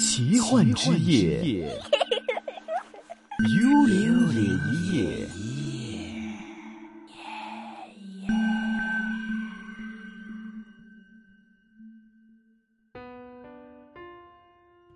奇幻之夜， 幽靈靈夜。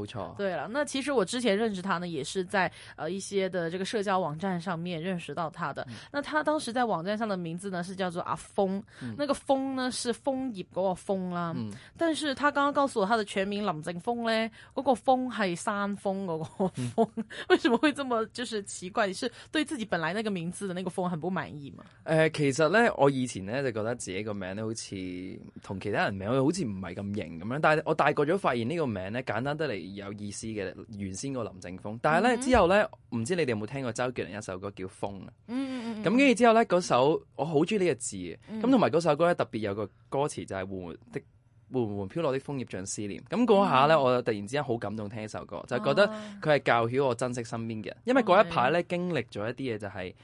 冇錯對啦，那其實我之前認識他呢，也是在呃一些的這個社交網站上面認識到他的。嗯、那他當時在網站上的名字呢，是叫做阿峰，嗯、那個峰呢是楓葉嗰個峰啦。嗯、但是他剛剛告訴我的他的全名林正峰呢，嗰、那個峰係山峰嗰個峰，嗯、為什麼會這麼就是奇怪？是對自己本來那個名字的那個峰很不滿意嗎？誒、呃，其實呢，我以前呢，就覺得自己個名咧好似同其他人名好似唔係咁型咁樣，但係我大個咗發現呢個名呢，簡單得嚟。有意思嘅，原先個林正峰，但係咧、嗯、之後咧，唔知你哋有冇聽過周杰倫一首歌叫《風》啊、嗯？嗯后后嗯。咁跟住之後咧，嗰首我好中意呢個字，咁同埋嗰首歌咧特別有個歌詞就係、是、緩緩的緩緩飄落的楓葉像思念。咁嗰下咧，嗯、我突然之間好感動，聽呢首歌就覺得佢係教曉我珍惜身邊嘅人，啊、因為嗰一排咧、嗯、經歷咗一啲嘢就係、是。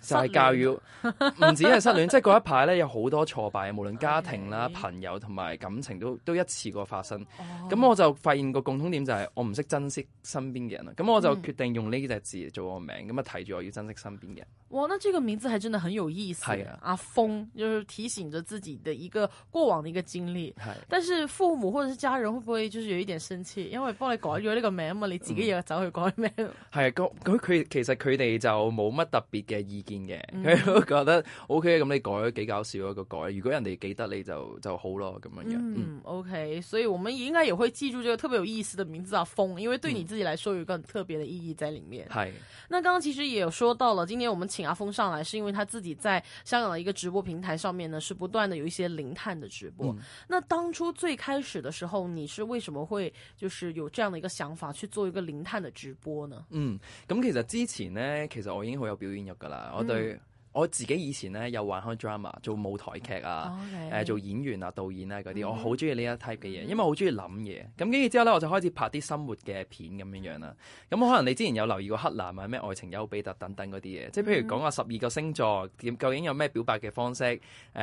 就係教育，唔止係失戀，即係嗰一排咧有好多挫敗，無論家庭啦、朋友同埋感情都都一次過發生。咁我就發現個共通點就係我唔識珍惜身邊嘅人啊！咁我就決定用呢隻字做我個名，咁啊睇住我要珍惜身邊嘅人。哇！呢個名字係真係很有意思，阿峰就是提醒咗自己嘅一個過往嘅一個經歷。係，但是父母或者是家人，會唔會就是有一點生氣？因為幫你改咗呢個名嘛，你自己又走去改名。係，咁佢其實佢哋就冇乜特別嘅意見嘅，佢都、嗯、 覺得 O K，咁你改幾搞笑一個改，如果人哋記得你就就好咯，咁樣嘅。嗯，嗯，O、okay, K，所以我們應該也會記住這個特別有意思的名字啊，峰，因為對你自己來說有一個很特別的意義在裏面。係、嗯，那剛剛其實也有說到了，今天我們請阿峰上來，是因為他自己在香港的一個直播平台上面呢，是不斷的有一些零碳的直播。嗯、那當初最開始的時候，你是為什麼會就是有這樣的一個想法去做一個零碳的直播呢？嗯，咁其實之前呢，其實我已經好有表演欲噶啦。我對我自己以前咧有玩開 drama，做舞台劇啊，誒做演員啊、導演啊嗰啲，我好中意呢一 type 嘅嘢，因為我好中意諗嘢。咁跟住之後咧，我就開始拍啲生活嘅片咁樣樣啦。咁可能你之前有留意過《黑男》啊、咩《愛情丘比特》等等嗰啲嘢，即係譬如講下十二個星座點，究竟有咩表白嘅方式？誒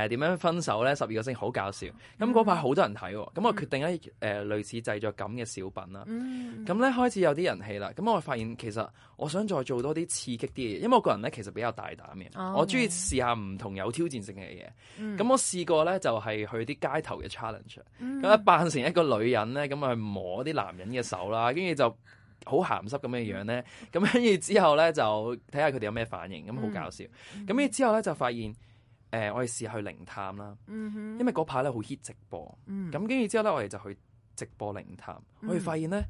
點樣分手咧？十二個星好搞笑。咁嗰排好多人睇，咁我決定一誒類似製作咁嘅小品啦。咁咧開始有啲人氣啦。咁我發現其實。我想再做多啲刺激啲嘅嘢，因為我個人咧其實比較大膽嘅，Okay. 我中意試下唔同有挑戰性嘅嘢。咁、嗯、我試過咧就係、是、去啲街頭嘅 challenge，咁啊、嗯、扮成一個女人咧，咁去摸啲男人嘅手啦，跟住就好鹹濕咁嘅樣咧。咁跟住之後咧就睇下佢哋有咩反應，咁好搞笑。咁跟住之後咧就發現，誒、呃、我哋試下去靈探啦，因為嗰排咧好 hit 直播，咁跟住之後咧我哋就去直播靈探，我哋發現咧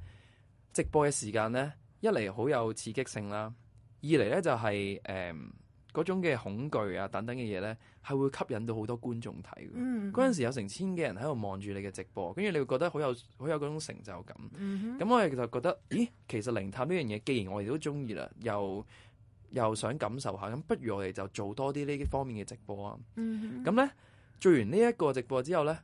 直播嘅時間咧。一嚟好有刺激性啦，二嚟咧就係誒嗰種嘅恐懼啊等等嘅嘢咧，係會吸引到好多觀眾睇。嗰陣、mm hmm. 時有成千嘅人喺度望住你嘅直播，跟住你會覺得好有好有嗰種成就感。嗯咁、mm hmm. 我哋就覺得，咦，其實靈探呢樣嘢，既然我哋都中意啦，又又想感受下，咁不如我哋就做多啲呢啲方面嘅直播啊。嗯哼、mm，咁、hmm. 咧做完呢一個直播之後咧，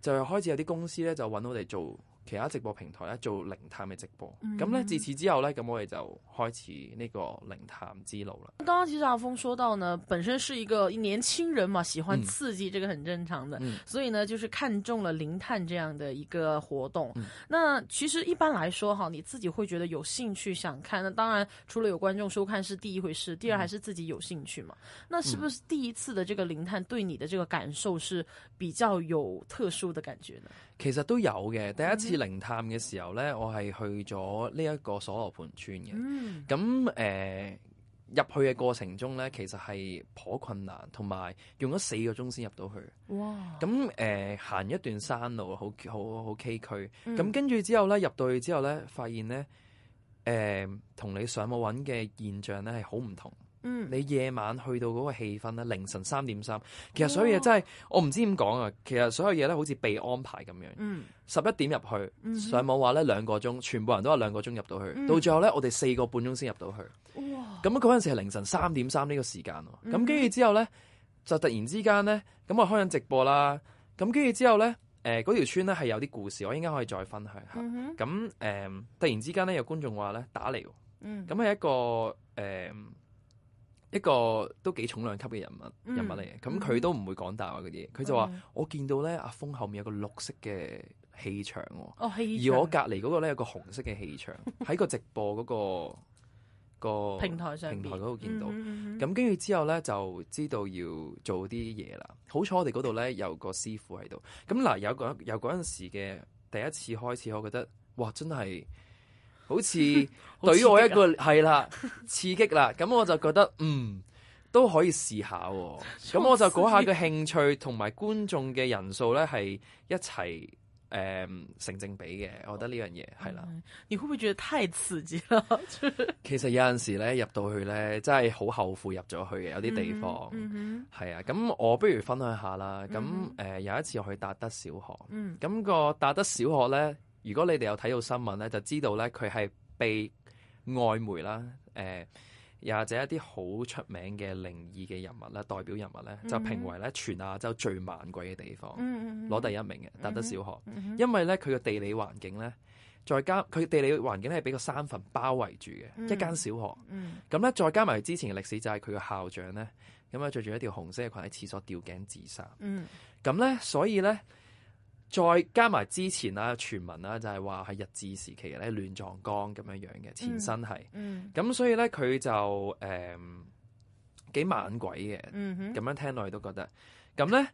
就開始有啲公司咧就搵我哋做其他直播平台咧做靈探嘅直播，咁咧、嗯、自此之後呢，咁我哋就開始呢個靈探之路啦。剛剛其實阿峰說到呢，本身是一個年輕人嘛，喜歡刺激，嗯、這個很正常的。嗯、所以呢，就是看中了靈探這樣的一個活動。嗯、那其實一般來說哈，你自己會覺得有興趣想看，那當然除了有觀眾收看是第一回事，第二還是自己有興趣嘛。嗯、那是不是第一次的這個靈探對你的這個感受是比較有特殊的感覺呢？嗯、其實都有嘅，第一次。靈探嘅時候咧，我係去咗呢一個所羅盤村嘅。咁誒入去嘅過程中咧，其實係頗困難，同埋用咗四個鐘先入到去。哇！咁誒、呃、行一段山路，好好好崎嶇。咁跟住之後咧，入到去之後咧，發現咧，誒、呃、同你上網揾嘅現象咧係好唔同。你夜晚去到嗰個氣氛咧，凌晨三點三哇，其實所有嘢真係我唔知點講啊。其實所有嘢咧，好似被安排咁樣。十一、嗯、點入去，嗯、哼上網話咧兩個鐘，全部人都話兩個鐘入到去，嗯、到最後咧，我哋四個半鐘先入到去。哇！咁樣嗰陣時係凌晨三點三呢個時間喎。咁跟住之後呢，就突然之間呢，咁我開緊直播啦。咁跟住之後呢，誒、呃、嗰條村呢係有啲故事，我應該可以再分享下。咁誒、嗯哼呃，突然之間呢，有觀眾話呢，打嚟、嗯，嗯，咁係一個誒。一個都幾重量級嘅人物、嗯、人物嚟嘅，咁佢都唔會講大話嗰嘢，佢、嗯、就話、嗯、我見到咧阿峰後面有個綠色嘅氣場喎，哦、場而我隔離嗰個咧有個紅色嘅氣場，喺 個直播嗰、嗰個、嗰個平台上平台嗰度見到，咁跟住之後咧就知道要做啲嘢啦。好彩我哋嗰度咧有個師傅喺度，咁嗱有個由嗰陣時嘅第一次開始，我覺得哇真係～好似對於我一個係啦刺激啦、啊，咁我就覺得嗯都可以試下喎、哦。咁我就嗰下嘅興趣同埋觀眾嘅人數咧係一齊誒、嗯、成正比嘅。我覺得呢樣嘢係啦。你會唔會覺得太刺激啦？ 其實有陣時咧入到去咧真係好後悔入咗去嘅。有啲地方係、嗯嗯、啊。咁我不如分享下啦。咁誒、呃、有一次我去達德小學，咁、嗯、個達德小學咧。如果你哋有睇到新聞咧，就知道咧佢係被外媒啦，誒、呃，又或者一啲好出名嘅靈異嘅人物啦，代表人物咧，mm hmm. 就評為咧全亞洲最猛鬼嘅地方，攞、mm hmm. 第一名嘅達德小學，mm hmm. 因為咧佢嘅地理環境咧，再加佢地理環境係俾個三墳包圍住嘅、mm hmm. 一間小學，咁咧、mm hmm. 再加埋之前嘅歷史就係佢嘅校長咧，咁啊着住一條紅色嘅裙喺廁所吊頸自殺，咁咧、mm hmm. 所以咧。再加埋之前啦，傳聞啦，就係話係日治時期咧亂葬崗咁樣樣嘅前身係，咁所以咧佢就誒幾猛鬼嘅，咁樣聽落去都覺得。咁咧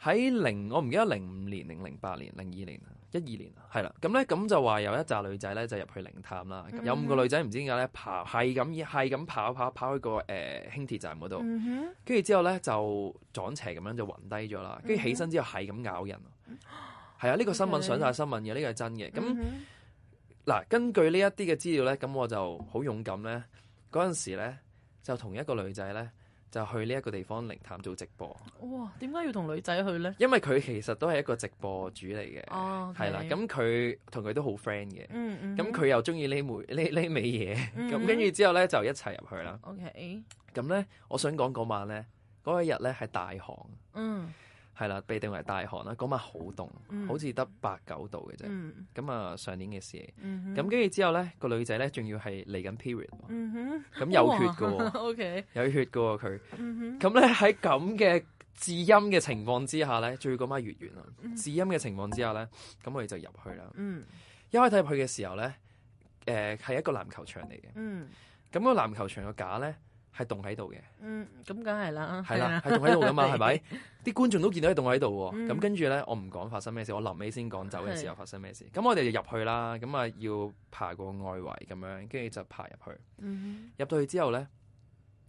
喺零我唔記得零五年、零零八年、零二年、一二年係啦。咁咧咁就話有一紮女仔咧就入去靈探啦，有五個女仔唔知點解咧跑係咁係咁跑跑跑去個誒輕鐵站嗰度，跟住之後咧就撞邪咁樣就暈低咗啦，跟住起身之後係咁咬人。係啊，呢、呢個新聞上晒新聞嘅，呢 Okay. 個係真嘅。咁嗱、mm hmm.，根據呢一啲嘅資料咧，咁我就好勇敢咧。嗰陣時咧，就同一個女仔咧，就去呢一個地方靈探做直播。哇！點解要同女仔去咧？因為佢其實都係一個直播主嚟嘅，係啦、oh, okay.。咁佢同佢都好 friend 嘅。嗯。咁佢又中意呢枚呢呢味嘢。嗯。咁跟住之後咧，就一齊入去啦。OK。咁咧，我想講嗰晚咧，嗰一日咧係大寒。嗯、mm。Hmm. 係啦，被定為大寒啦，嗰晚好凍，好似得八九度嘅啫。咁啊，上年嘅事。咁跟住之後咧，個女仔咧，仲要係嚟緊 period，咁有血㗎喎，有血㗎喎佢。咁咧喺咁嘅至陰嘅情況之下咧，最嗰晚月圓啦。至陰嘅情況之下咧，咁我哋就入去啦。一開睇入去嘅時候咧，誒係一個籃球場嚟嘅。咁個籃球場嘅架咧。係洞喺度嘅，嗯，咁梗係啦，係啦、啊，係洞喺度噶嘛，係咪？啲觀眾都見到個洞喺度喎，咁跟住咧，我唔講發生咩事，我臨尾先講走嘅時候發生咩事。咁是我哋就入去啦，咁啊要爬過外圍咁樣，跟住就爬入去。入到、嗯、哼去之後咧，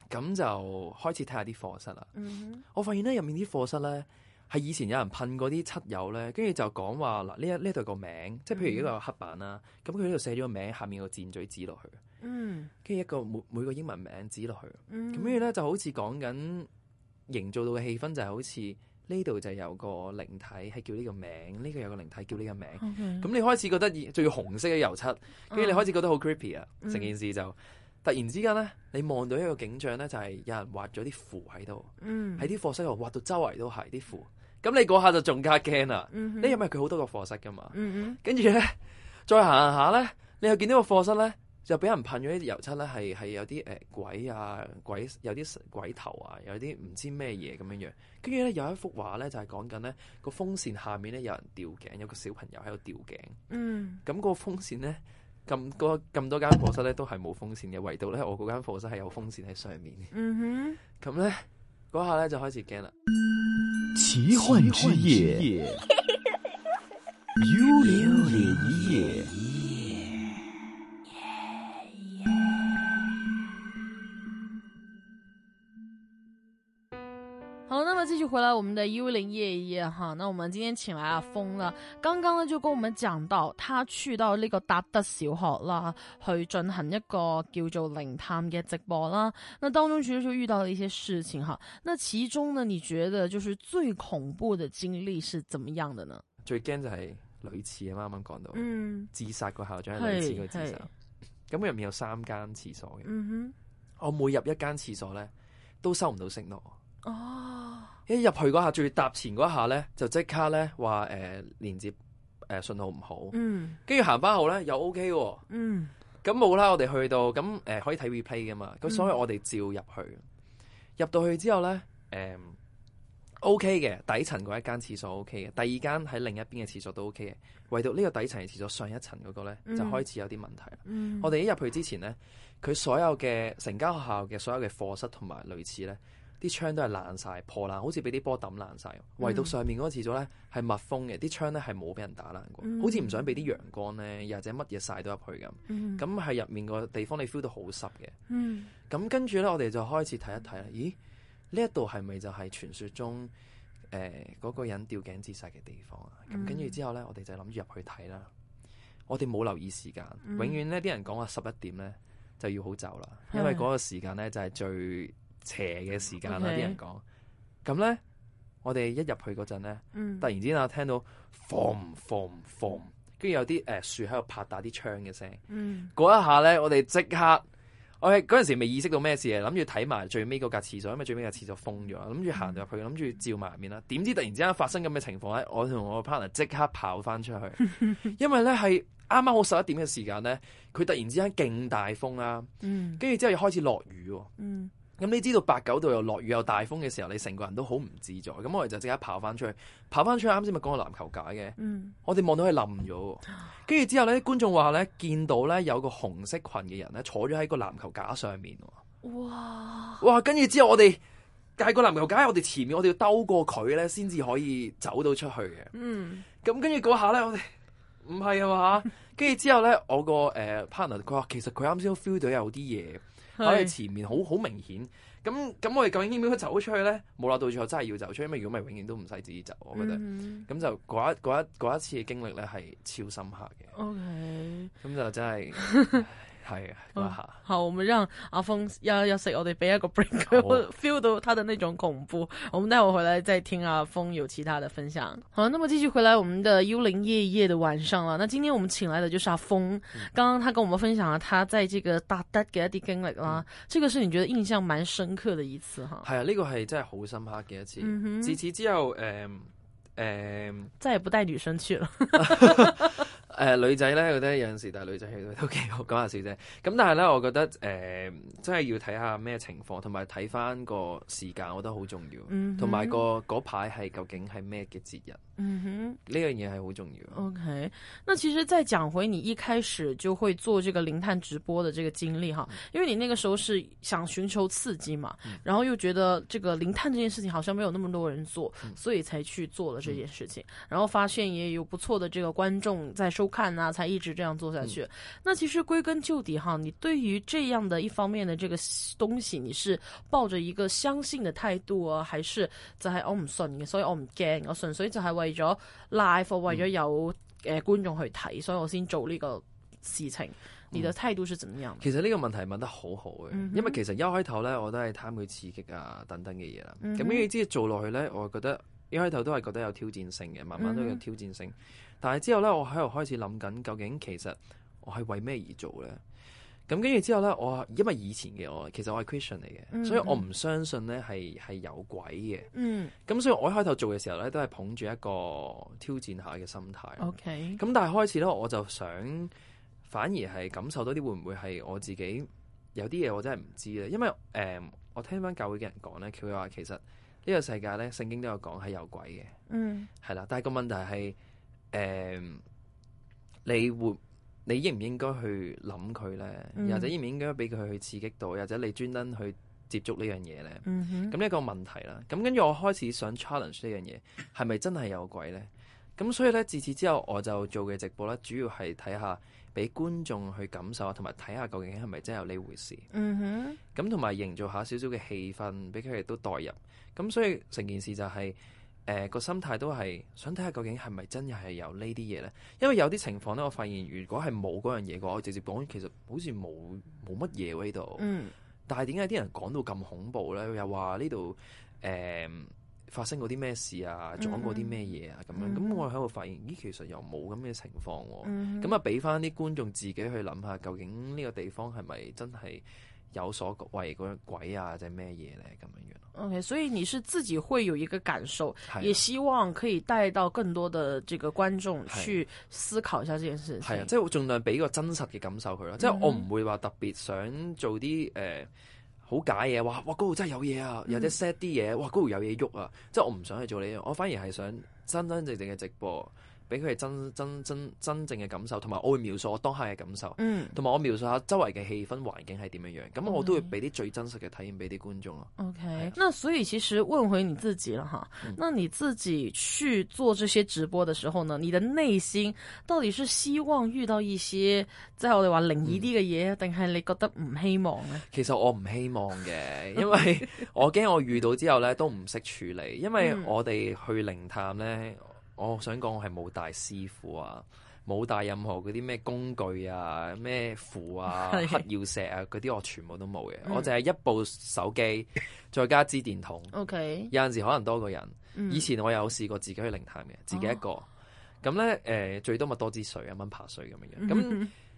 咁就開始睇下啲課室啦。嗯、哼我發現咧入面啲課室咧，係以前有人噴過啲漆油咧，跟住就講話嗱，呢一呢度個名，即係譬如呢個黑板啦，咁佢呢度寫咗個名，下面有個箭嘴指落去。嗯，跟住一個每每個英文名指落去，咁跟住咧就好似講緊營造到嘅氣氛就係好似呢度就有個靈體係叫呢個名，呢個有個靈體叫呢個名。咁你開始覺得最紅色嘅油漆，跟住你開始覺得好 creepy 啊。成件事就突然之間咧，你望到一個景象咧，就係有人畫咗啲符喺度，喺啲課室度畫到周圍都係啲符。咁你嗰下就仲加驚啦。呢入面佢好多個課室噶嘛，跟住咧再行下咧，你又見到個課室咧。就俾人噴咗啲油漆咧，係係 ım 有啲誒鬼啊鬼，Harmon，有啲鬼頭啊，有啲唔知咩嘢咁樣樣。跟住咧有一幅畫咧，就係講緊咧個風扇下面咧有人吊頸，有個小朋友喺度吊頸。嗯，咁個風扇咧咁咁多間課室咧都係冇風扇嘅，唯獨咧我嗰間課室係有風扇喺上面。嗯哼，咁咧嗰下咧就開始驚啦。奇幻之夜，幽靈一夜。繼續回來我們的幽靈夜一夜。哈、啊，那我們今天請來阿峰啦，剛、啊、剛呢就跟我們講到，他去到呢個達德小學啦、啊，去進行一個叫做靈探嘅直播啦、啊。那當中其實就遇到了一些事情哈、啊。那其中呢，你覺得就是最恐怖的經歷是怎麼樣的呢？最驚就係女廁啊，啱啱講到，嗯，自殺個校長係女廁個自殺，咁入面有三間廁所嘅，嗯、哼，我每入一間廁所咧，都收唔到 signal 哦，oh. 一入去嗰下，最搭前嗰一下咧，就即刻咧話誒連接誒、呃、信號唔好，嗯，跟住行翻後咧又 O K，嗯，咁冇啦，我哋去到咁誒可以睇 replay 噶嘛，咁所以我哋照入去，入到去之後咧，誒 O K 嘅底層嗰一間廁所 O K 嘅，第二間喺另一邊嘅廁所都 O K 嘅，唯獨呢個底層嘅廁所上一層嗰個咧、mm. 就開始有啲問題啦，mm. 我哋一入去之前咧，佢所有嘅成間學校嘅所有嘅課室同埋類似咧。啲窗都係爛晒，破爛，好似俾啲波抌爛晒。唯獨上面嗰個廁所咧係密封嘅，啲、mm. 窗咧係冇俾人打爛過，mm. 好似唔想俾啲陽光咧，又或者乜嘢晒到入去咁。咁喺入面個地方你 feel 到好濕嘅。咁跟住咧，我哋就開始睇一睇啦。咦？呢一度係咪就係傳說中誒嗰、呃嗰個人吊頸自殺嘅地方啊？咁跟住之後咧，我哋就諗住入去睇啦。我哋冇留意時間，永遠呢啲人講話十一點咧就要好走啦，mm. 因為嗰個時間咧就係最、mm. 邪嘅時間啦、啊，啲人講。咁咧，我哋一入去嗰陣咧，嗯、突然之間我聽到風風風，跟住有啲誒、呃、樹喺度拍打啲窗嘅聲。嗰、嗯、一下咧，我哋即刻，我係嗰陣時未意識到咩事，諗住睇埋最尾嗰格廁所，因為最尾個廁所封咗，諗住行入去，諗住照埋入面啦。點知突然之間發生咁嘅情況咧，我同我 partner 即刻跑翻出去，因為咧係啱啱好十一點嘅時間咧，佢突然之間勁大風啦、啊，跟住、嗯嗯、之後開始落雨。嗯嗯。咁、嗯、你知道八九度又落雨又大風嘅時候，你成個人都好唔自在。咁我哋就即刻跑翻出去，跑翻出去。啱先咪講個籃球架嘅，嗯、我哋望到佢冧咗。跟住之後咧，觀眾話咧見到咧有個紅色裙嘅人咧坐咗喺個籃球架上面。哇！哇！跟住之後我哋喺個籃球架喺我哋前面我，我哋要兜過佢咧，先至可以走到出去嘅。嗯。咁跟住嗰下咧，我哋唔係啊嘛。跟住 之後咧，我個誒 partner 佢話其實佢啱先 feel 到有啲嘢。喺佢是前面好好明顯。咁咁我哋究竟應唔應該走出去咧？冇啦，到最後真係要走出去，因為如果唔係永遠都唔使自己走，我覺得，咁、mm hmm. 就嗰一一一次嘅經歷咧係超深刻嘅。OK，咁就真係。 係啊，好，我們讓阿峰要要食，我哋俾一個 break，feel 到他的那種恐怖。我們待會回來再聽阿峰有其他的分享。好，那麼繼續回來我們的幽靈夜夜的晚上啦。那今天我們請來的就是阿峰，剛剛他跟我們分享了他在這個大 dead 嘅一啲經歷啦，這個是你覺得印象蠻深刻的一次哈。係啊，呢個係真係好深刻嘅一次。自此之後，誒誒，再也不帶女生去了。誒、呃、女仔咧，我覺得有陣時有，帶女仔去都幾好講下事啫。咁但係咧，我覺得誒、呃、真係要睇下咩情況，同埋睇翻個時間，我覺得好重要。同埋、嗯哼那個排係究竟係咩嘅節日？嗯哼，呢樣嘢係好重要。OK，那其實再講回你一開始就會做這個靈探直播的這個經歷哈，因為你那個時候是想尋求刺激嘛，嗯、然後又覺得這個靈探這件事情好像沒有那麼多人做，嗯、所以才去做了這件事情，嗯、然後發現也有不錯的這個觀眾在收。看啊，才一直這樣做下去。嗯、那其實歸根究底，哈，你對於這樣的一方面的這個東西，你是抱着一個相信的態度啊，還是就係我唔信嘅，所以我唔驚，我純粹就係為咗 live 為咗有誒、嗯呃、觀眾去睇，所以我先做呢個事情。你的態度是怎麼樣、嗯？其實呢個問題問得好好嘅，嗯、哼因為其實一開頭呢，我都係貪佢刺激啊等等嘅嘢啦。咁點知做落去呢，我覺得一開頭都係覺得有挑戰性嘅，慢慢都有挑戰性。嗯但係之後咧，我喺度開始諗緊，究竟其實我係為咩而做咧？咁跟住之後咧，我因為以前嘅我其實我係 Christian 嚟嘅，hmm. 所以我唔相信咧係係有鬼嘅。嗯、mm。咁、hmm. 所以我一開頭做嘅時候咧，都係捧住一個挑戰下嘅心態。OK。咁但係開始咧，我就想反而係感受到啲會唔會係我自己有啲嘢我真係唔知咧。因為誒、呃，我聽翻教會嘅人講咧，佢話其實呢個世界咧聖經都有講係有鬼嘅。嗯、mm。係、hmm. 啦，但係個問題係。誒、uh，你會你應唔應該去諗佢呢？又、mm hmm. 或者應唔應該俾佢去刺激到？或者你專登去接觸呢樣嘢呢？咁呢一個問題啦。咁跟住我開始想 challenge 呢樣嘢，係咪真係有鬼呢？咁所以呢，自此之後我就做嘅直播呢，主要係睇下俾觀眾去感受啊，同埋睇下究竟係咪真係有呢回事？咁同埋營造下少少嘅氣氛，俾佢哋都代入。咁所以成件事就係、是。誒、呃、個心態都係想睇下究竟係咪真係有呢啲嘢呢？因為有啲情況咧，我發現如果係冇嗰樣嘢嘅話，我直接講，其實好似冇冇乜嘢喎呢度。啊嗯、但係點解啲人講到咁恐怖咧？又話呢度誒發生過啲咩事啊，撞過啲咩嘢啊咁樣。咁、嗯嗯、我喺度發現，咦，其實又冇咁嘅情況喎、啊。嗯。咁啊，俾翻啲觀眾自己去諗下，究竟呢個地方係咪真係？有所為嗰樣鬼啊，或者咩嘢咧咁樣樣。OK，所以你是自己會有一個感受，啊、也希望可以帶到更多的這個觀眾去思考一下這件事。係啊，即係我盡量俾個真實嘅感受佢咯。嗯、即係我唔會話特別想做啲誒好假嘢，話，哇嗰度真係有嘢啊，嗯、有啲 set 啲嘢，哇嗰度有嘢喐啊！即係我唔想去做呢樣，我反而係想真真正正嘅直播。俾佢係真真真真正嘅感受，同埋我會描述我當下嘅感受，同埋、嗯、我描述下周圍嘅氣氛環境係點樣樣。咁對我都會俾啲最真實嘅體驗俾啲觀眾咯。OK，啊、所以其實問回你自己啦，哈，那你自己去做這些直播嘅時候呢？你的內心到底是希望遇到一些即係我哋話靈異啲嘅嘢，定係、嗯、你覺得唔希望呢？其實我唔希望嘅，因為我驚我遇到之後呢都唔識處理，因為我哋去靈探呢。我想講，我係冇帶師傅啊，冇帶任何嗰啲咩工具啊，咩符啊、黑曜石啊嗰啲，我全部都冇嘅。是我淨係一部手機， 再加支電筒。OK，有陣時可能多個人。以前我有試過自己去靈探嘅，自己一個。咁咧、oh.，誒、呃，最多咪多支水、一蚊爬水咁樣樣。咁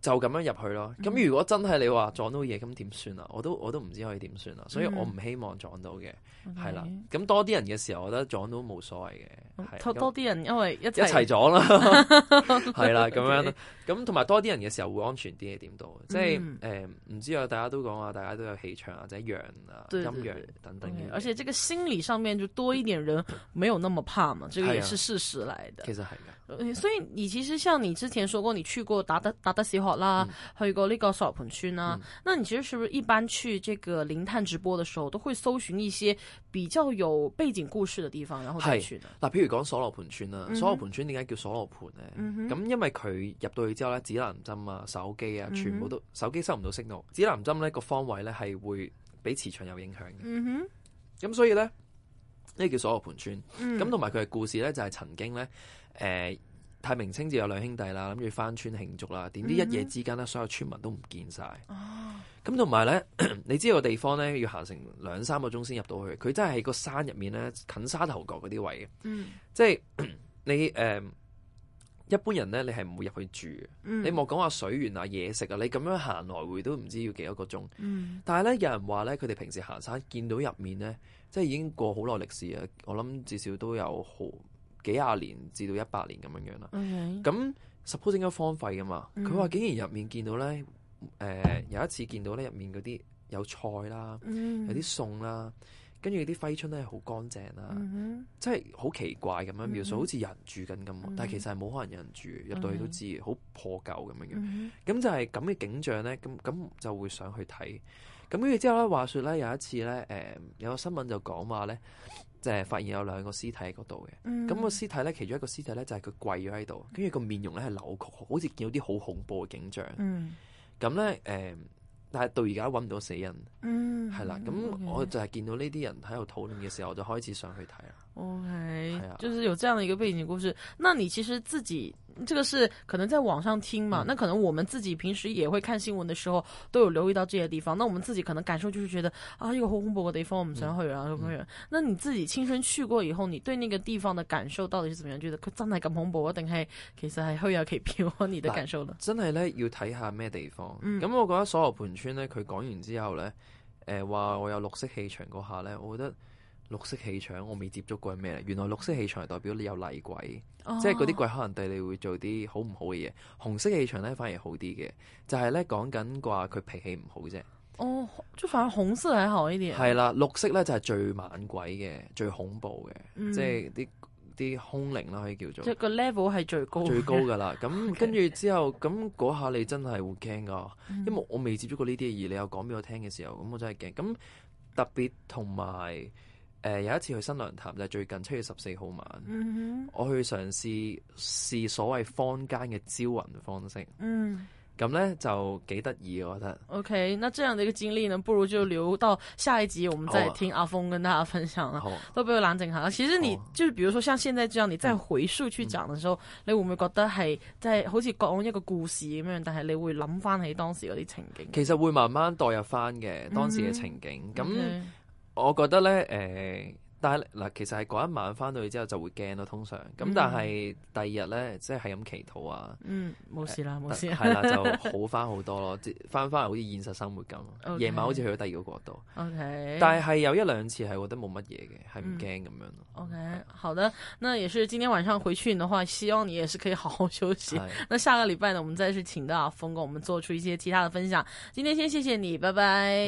就咁樣入去咯，咁如果真係你話撞到嘢，咁點算啊？我都我都唔知可以點算啊，所以我唔希望撞到嘅，係啦 Okay.。咁多啲人嘅時候，我覺得撞到冇所謂嘅，拖 Okay. 多啲人因為一齊 撞啦，係啦咁樣，咁同埋多啲人嘅時候會安全啲嘅點，點到，Okay. 即係誒，唔、呃、知啊，大家都講話、啊，大家都有氣場或者陽啊、陰陽對等等嘅。Okay. 而且呢個心理上面就多一點人，沒有那麼怕嘛，呢 個也是事實嚟嘅。其實係所以你其實像你之前說過，你去過達德達德小學啦，嗯、去過呢個索羅盤村啦、啊。嗯、那你其實是不是一般去這個靈探直播嘅時候，都會搜尋一些比較有背景故事嘅地方然後再去嗱，譬如講索羅盤村啊，索羅盤村點解叫索羅盤呢？咁因為佢入到去之後咧，指南針啊、手機啊，全部都手機收唔到信號。嗯、哼指南針呢個方位咧係會俾磁場有影響嘅。咁、嗯、哼所以咧。呢叫鎖羅盆村，咁同埋佢嘅故事咧就係曾經咧，誒、呃、太明清就有兩兄弟啦，諗住返村慶祝啦，點知一夜之間咧所有村民都唔見晒。咁同埋咧，你知道個地方咧要行成兩三個鐘先入到去，佢真係喺個山入面咧，近沙頭角嗰啲位嘅。即係、嗯就是、你誒、呃、一般人咧，你係唔會入去住、嗯、你莫講話水源啊、嘢食啊，你咁樣行來回都唔知要幾多個鐘。嗯、但係咧，有人話咧，佢哋平時行山見到入面咧。即係已經過好耐歷史啊！我諗至少都有好幾廿年至到一百年咁樣樣啦。咁 supposing 嘅荒廢噶嘛？佢話竟然入面見到咧，誒，有一次見到咧，入面嗰啲有菜啦，有啲餸啦，跟住啲揮春咧好乾淨啦，即係好奇怪咁樣描述，好似人住緊咁，但係其實係冇可能有人住，入到去都知，好破舊咁樣樣。咁就係咁嘅景象咧，咁咁就會想去睇。咁跟住之後咧，話説咧有一次咧，誒、呃、有個新聞就講話咧，就、呃、係發現有兩個屍體喺嗰度嘅。咁、嗯、個屍體咧，其中一個屍體咧就係、是、佢跪咗喺度，跟住個面容咧係扭曲，好似見到啲好恐怖嘅景象。咁咧誒，但係到而家揾唔到死人。嗯，係啦。咁我就係見到呢啲人喺度討論嘅時候，我就開始上去睇啦。O K，係啊，就是有這樣的一個背景故事。那你其實自己？這個是可能在網上聽嘛，嗯、那可能我們自己平時也會看新聞的時候都有留意到這些地方，那我們自己可能感受就是覺得啊，一個好恐怖嘅地方，我唔想去啦咁樣。嗯、那你自己親身去過以後，你對那個地方的感受到底是怎麼樣？嗯、覺得佢真係咁恐怖定係其實係虛有其表？你的感受呢？真係呢，要睇下咩地方，咁、嗯、我覺得所羅盤村呢，佢講完之後呢，誒、呃、話我有綠色氣場嗰下呢，我覺得。綠色氣場，我未接觸過係咩咧？原來綠色氣場係代表你有厲鬼，oh. 即係嗰啲鬼可能對你會做啲好唔好嘅嘢。紅色氣場咧，反而好啲嘅，就係咧講緊話佢脾氣唔好啫。哦，即係反而紅色係好啲。係啦，綠色咧就係最猛鬼嘅，最恐怖嘅，mm. 即係啲啲空靈啦，可以叫做即係個 level 係最高最高㗎啦。咁跟住之後，咁嗰下你真係會驚噶，Okay. 因為我未接觸過呢啲嘢，而你有講俾我聽嘅時候，咁我真係驚。咁特別同埋。誒、呃、有一次去新娘潭，就係最近七月十四號晚，mm hmm. 我去嘗試試所謂坊間嘅招魂方式，咁、mm hmm. 呢就幾得意我覺得。OK，那這樣的個經歷呢，不如就留到下一集，我們再聽阿峰跟大家分享啦。好、啊，都俾佢冷靜下。其實你，就是，譬如說，像現在這樣，你再回溯去講嘅時候，mm hmm. 你會唔會覺得係即係、就是、好似講一個故事咁樣？但係你會諗翻起當時嗰啲情景。其實會慢慢代入翻嘅當時嘅情景。咁、mm。Hmm. Okay. 我覺得咧，誒、欸，但係嗱，其實係嗰一晚翻到去之後就會驚咯，通常。咁但係第二日咧，即係係咁祈禱啊。嗯，冇事啦，冇事。係、 啊、啦，就好翻好多咯，翻翻嚟好似現實生活咁。夜 Okay, 晚好似去咗第二個角度。O K。但係有一兩次係覺得冇乜嘢嘅，係唔驚咁樣咯。嗯、o、okay, K，、嗯、好的，那也是今天晚上回去的話，希望你也是可以好好休息。對 那下個禮拜呢，我們再去請到阿峰哥，我們做出一些其他的分享。今天先謝謝你，拜拜。alike